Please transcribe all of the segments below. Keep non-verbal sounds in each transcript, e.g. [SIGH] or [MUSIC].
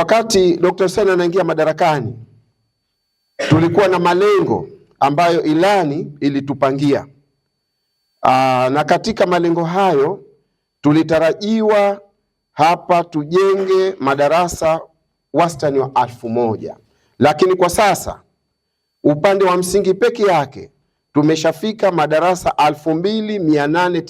Wakati Dr. Hussein anaingia madarakani, tulikuwa na malengo ambayo ilani ilitupangia. Aa, ah, na katika malengo hayo tulitarajiwa hapa tujenge madarasa wastani wa alfu moja lakini kwa sasa upande wa msingi peke yake tumeshafika madarasa alfu mbili mia nane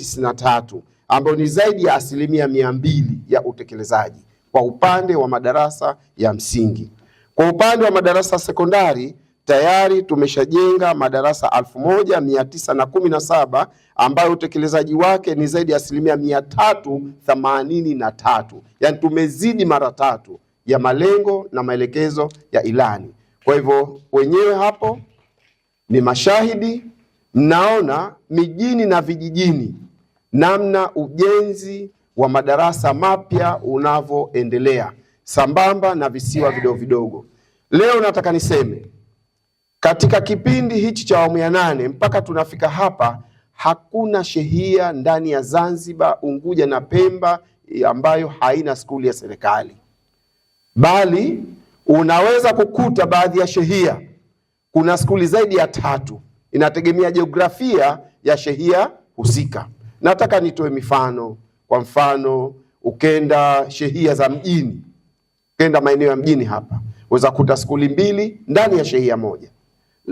ambayo ni zaidi ya asilimia mia mbili ya utekelezaji kwa upande wa madarasa ya msingi. Kwa upande wa madarasa sekondari tayari tumeshajenga madarasa elfu moja mia tisa na kumi na saba ambayo utekelezaji wake ni zaidi ya asilimia mia tatu themanini na tatu yaani tumezidi mara tatu ya malengo na maelekezo ya ilani. Kwa hivyo wenyewe hapo ni mashahidi, mnaona mijini na vijijini namna ujenzi wa madarasa mapya unavyoendelea sambamba na visiwa vidogo vidogo. Leo nataka niseme katika kipindi hichi cha awamu ya nane mpaka tunafika hapa, hakuna shehia ndani ya Zanzibar, Unguja na Pemba ambayo haina skuli ya serikali, bali unaweza kukuta baadhi ya shehia kuna skuli zaidi ya tatu, inategemea jiografia ya shehia husika. Nataka nitoe mifano kwa mfano ukenda shehia za mjini, ukenda maeneo ya mjini hapa weza kuta skuli mbili ndani ya shehia moja,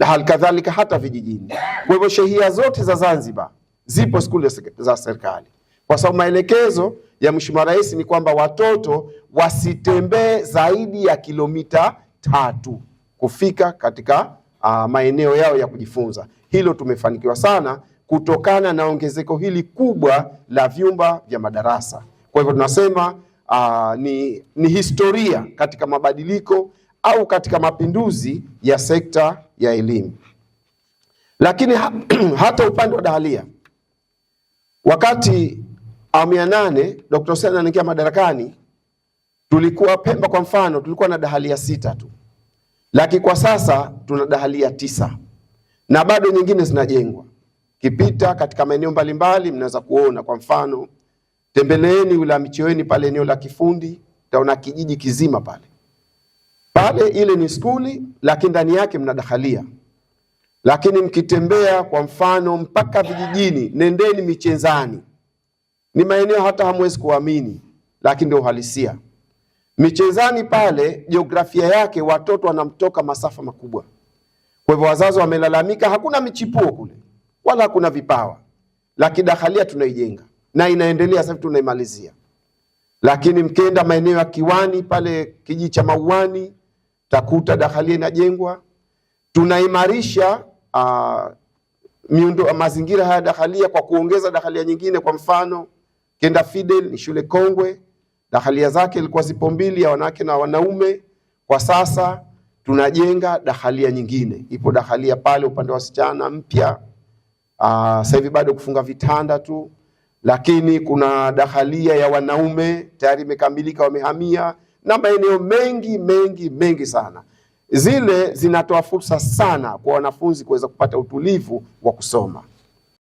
hali kadhalika hata vijijini. Kwa hivyo shehia zote za Zanzibar zipo skuli za serikali, kwa sababu maelekezo ya Mheshimiwa Rais ni kwamba watoto wasitembee zaidi ya kilomita tatu kufika katika uh, maeneo yao ya kujifunza. Hilo tumefanikiwa sana kutokana na ongezeko hili kubwa la vyumba vya madarasa. Kwa hivyo tunasema uh, ni, ni historia katika mabadiliko au katika mapinduzi ya sekta ya elimu. Lakini ha [CLEARS THROAT] hata upande wa dahalia, wakati awamu ya nane Dr. Hussein anaingia madarakani, tulikuwa Pemba kwa mfano tulikuwa na dahalia sita tu, lakini kwa sasa tuna dahalia tisa na bado nyingine zinajengwa. Kipita katika maeneo mbalimbali mnaweza kuona, kwa mfano tembeleeni wilaya Micheweni pale eneo la Kifundi, taona kijiji kizima pale pale. Ile ni skuli, lakini ndani yake mnadakhalia. Lakini mkitembea kwa mfano mpaka vijijini, nendeni Michenzani, ni maeneo hata hamwezi kuamini, lakini ndio uhalisia. Michenzani pale jiografia yake watoto wanamtoka masafa makubwa, kwa hivyo wazazi wamelalamika, hakuna michipuo kule wala hakuna vipawa. dakhalia tunaijenga na inaendelea sasa, tunaimalizia. Lakini mkenda maeneo ya Kiwani pale kijiji cha Mauani takuta dahalia inajengwa, tunaimarisha uh, miundo mazingira haya dahalia kwa kuongeza dahalia nyingine. Kwa mfano kenda Fidel ni shule kongwe, dahalia zake ilikuwa zipo mbili, ya wanawake na wanaume. Kwa sasa tunajenga dahalia nyingine, ipo dahalia pale upande wa wasichana mpya Ah, sasa hivi bado kufunga vitanda tu, lakini kuna dahalia ya wanaume tayari imekamilika, wamehamia na maeneo mengi mengi mengi sana. Zile zinatoa fursa sana kwa wanafunzi kuweza kupata utulivu wa kusoma.